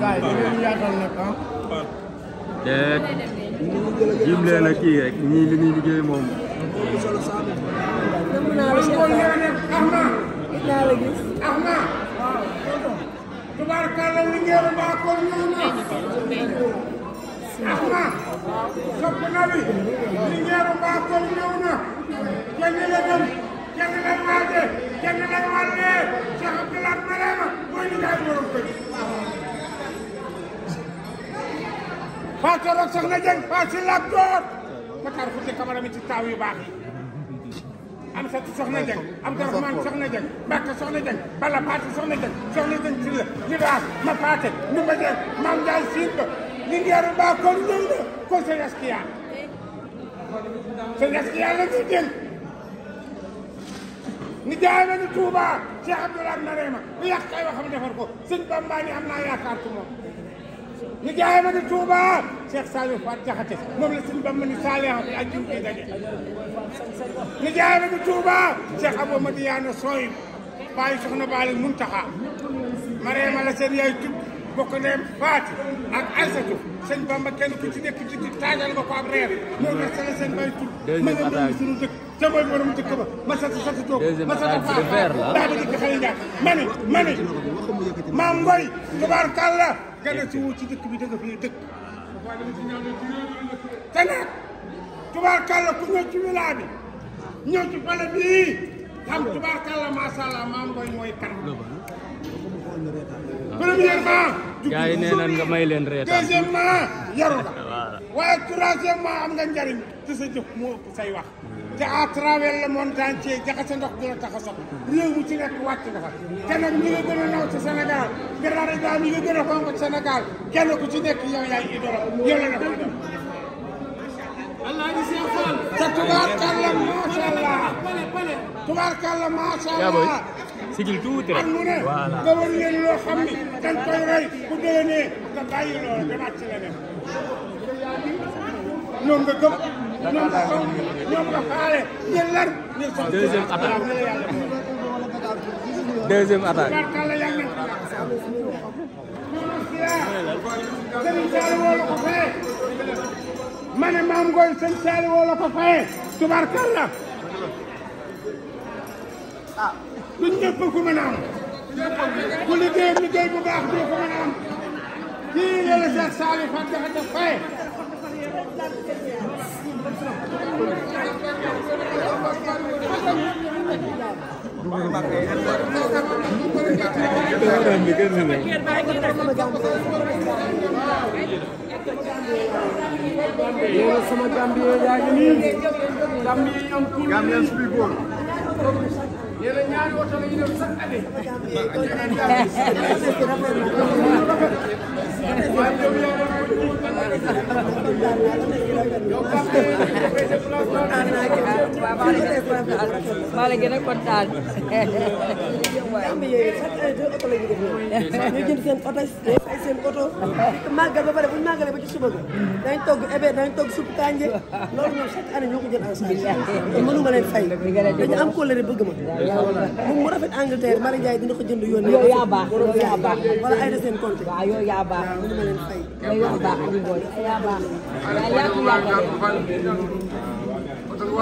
gars yi ngeen yaatal nag ah. te jimlee na kii rek ñii li ñuy liggéey moom. tubaarkalla li ngeen baax kon ñëw na ahma na bi li ngeen baax kon ñëw na kenn la dem kenn la maaje kenn la wàllee Cheikh Abdoulaye Marema mooy li ngay borom kër Paa Torok soxna Dieng Paa si laab door Matar Fouti Camara mi ci taaw yu baax yi am sa soxna Dieng Abdourahmane soxna Dieng Mbacke soxna Dieng Balla Paate soxna Dieng soxna Dieng si la Libaas ma Paate Ndumba Dieng Maam Siin ba li ngeeru baa kon ñëw na ko sa yaskiya sa yaskiya la ñu jël ni jaay nañu Touba Cheikh Abdoulaye Marema bu yàq ay waxam defar ko sëñ Bamba ni am naa yaakaar ci ni jaay ma di Touba Cheikh Saliou Fall Diakhaté moom la suñu Bamba ni Saliou bi ak jiw bi daje ni jaay ma di Touba Cheikh Abou Madiane Soyib bàyyi soxna Baale Muntaxa Mariama la seen yaay tub bokk ndeyam Faati ak Aysatu sëñ Bamba kenn ku ci nekk ci ci taajal nga ko ab reer moom la seen seen baay tub ma nga doon suñu dëkk te mooy borom dëkk ba ma sat sat toog ma sat faa daa ba dikk xëy na ma ne ma ne maam Ngoy tubaarkàlla gane si wu ci dëkk bi dëgg fii dëkk te nag ku ñëw ci wilaa bi ñëw ci pale bii xam maam ngoy nga may leen reetaan deuxièmement yaru la waaye troisièmement wax te à travers le monde entier jaxase ndox du la tax a soppi ci nekk wàcc nga nga gën a naw ci Sénégal Birame a ci Sénégal kenn ku ci nekk yow yaay idole yow la def Allah di Cheikh Fall te tubaarkalla mu ne nga war leen loo xam ni dañ koy roy bu déwénee nga bàyyi loolu demaat ci leneen ñoom nga gëm ñoom nga xam ñoom nga faale ñu lar ñu soxla deuxième attaque deuxième attaque ma ne maam ngoy sëñ woo la ko fayee tubarkalla ah du ñëpp mën a am ku liggéey liggéey bu baax doo ko am kii yële Seex Saali fan dafa def sama Gambie yaa ngi nii Gambie am cool Gambie speak nee na ñaari oto la ñu dem sax année. waaye yow yaa ngi koy dugal ban année. yow Pape Ndeye dañu ko béy def placement. waaw maa ngi gën a kontaan. Gambie yooyu chaque année oto la ñu def ñoom ñu jënd seen oto fay seen oto màggal ba pare bu ñu màggalee ba ci suba ga dañ togg ébé dañ togg supp kànje loolu ñoom chaque année ñoo ko jël en charge mënu ma leen fay dañu bëgg ma mu mu rafet Angleterre Mari Njaay dina ko jënd yoon yow yaa baax yow yaa baax wala ay da seen compte waaw ma leen fay bu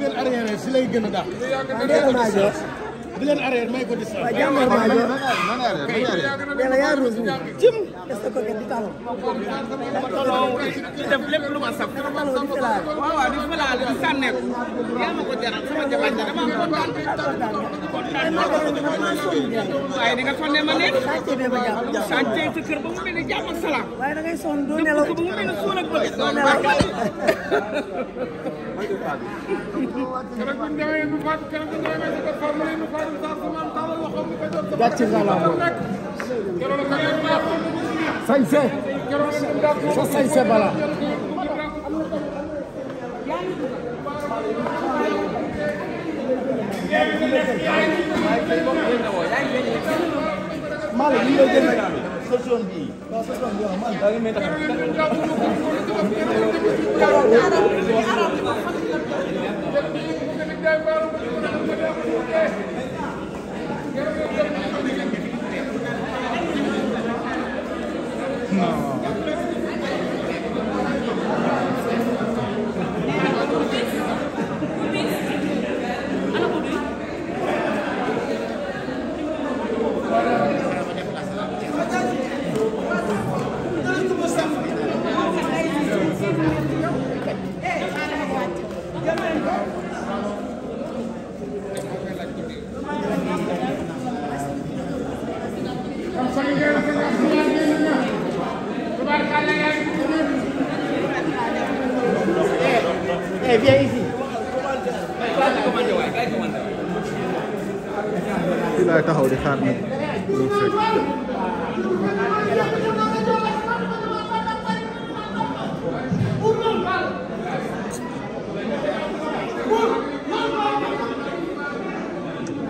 ngeen arrière si lay gën a daax di leen arrière may ko distance. waaw jàmbaar maa ngi doon yaa ruus nii. cim est-ce que di taloo. di def lépp lu ma saf. dafa taloo di felaale. waaw waaw di felaale di sànneeku. yaa ma ko jaral sama jabar ja dama kontaan. kontaan naa ko waaye di nga sonnee ma nekk. sànce bee ma jàpp. sànce sa kër ba mu mel ni jàmm ak salaam. waaye da ngay sonn doo nelaw. ba mu mel ni suun ak bëgg. doo nelaw. keroog bu ñu demee bu fàtt keroog bu ñu demee gàcce nga la bala bi Eh, viens ici. Fii laay taxaw di xaar nag.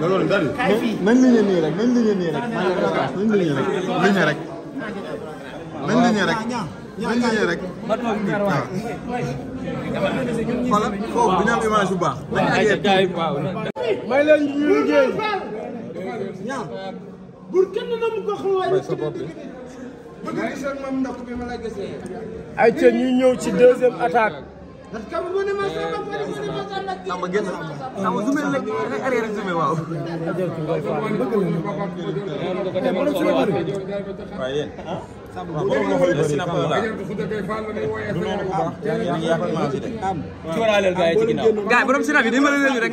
loolu daal nañ liggéey nii rek nañ liggéey nii rek nañ liggéey rek liggéey rek nañ liggéey rek nañ liggéey rek xoolal foofu bu ñu am image bu baax nañ agee may leen ñu liggéey ñaar bur kenn na mu ko xawaaye sa bopp bëgg gis ak moom ndox bi ma la gisee ay ca ñu ñëw ci deuxième attaque parce que bu ne ma samba bu ne ma samba. samba génn samba zoomé rek rek arrière rek zoomé waaw. waaw borom sinap yi dañu mën a leen rek.